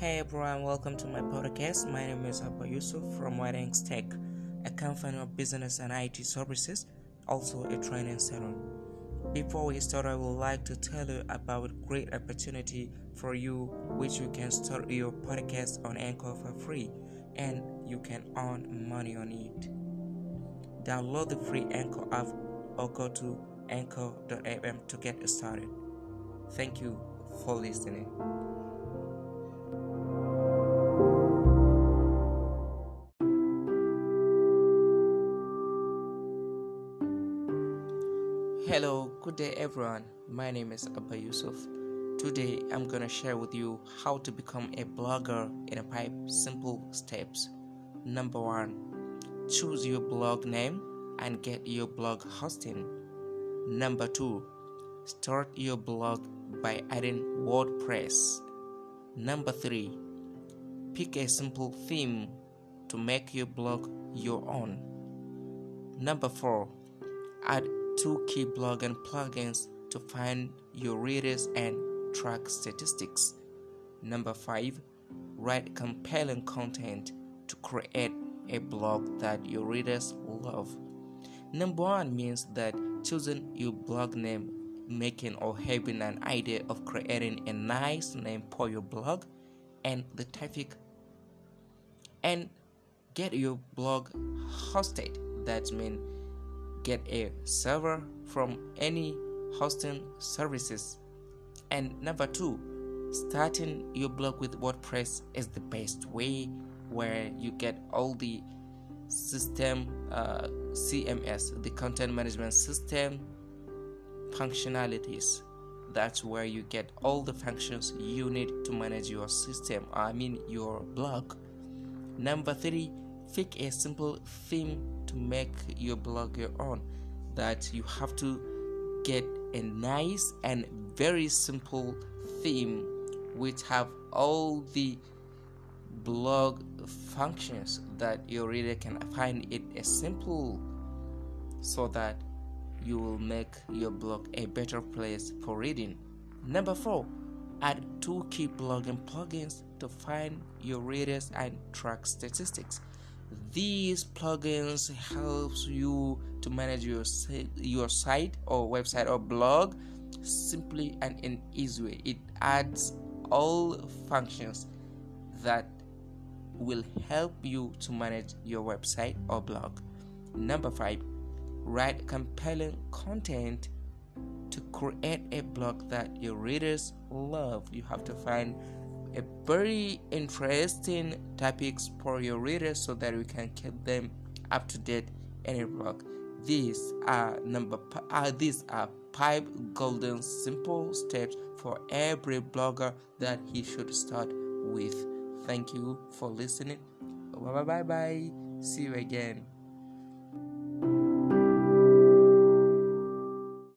Hey everyone, welcome to my podcast. My name is Abba Yusuf from Whitehanks Tech, a company of business and IT services, also a training center. Before we start, I would like to tell you about great opportunity for you, which you can start your podcast on Anchor for free, and you can earn money on it. Download the free Anchor app or go to anchor.fm to get started. Thank you for listening. Hello, good day everyone. My name is Abba Yusuf. Today I'm gonna share with you how to become a blogger in a pipe. Simple steps. Number one, choose your blog name and get your blog hosting. Number two, start your blog by adding WordPress. Number three, pick a simple theme to make your blog your own. Number four, add two key blog and plugins to find your readers and track statistics. Number 5. Write compelling content to create a blog that your readers love. Number 1 means that choosing your blog name, making or having an idea of creating a nice name for your blog and the traffic and get your blog hosted. That means get a server from any hosting services. And number two, starting your blog with WordPress is the best way where you get all the system uh, CMS, the content management system functionalities. That's where you get all the functions you need to manage your system, I mean your blog. Number three, pick a simple theme to make your blog your own that you have to get a nice and very simple theme which have all the blog functions that your reader can find it as simple so that you will make your blog a better place for reading number four add two key blogging plugins to find your readers and track statistics these plugins helps you to manage your your site or website or blog simply and in easy way it adds all functions that will help you to manage your website or blog number 5 write compelling content to create a blog that your readers love you have to find a very interesting topics for your readers so that we can keep them up to date in a blog. These are number uh, these are five golden simple steps for every blogger that he should start with. Thank you for listening. Bye bye bye. See you again.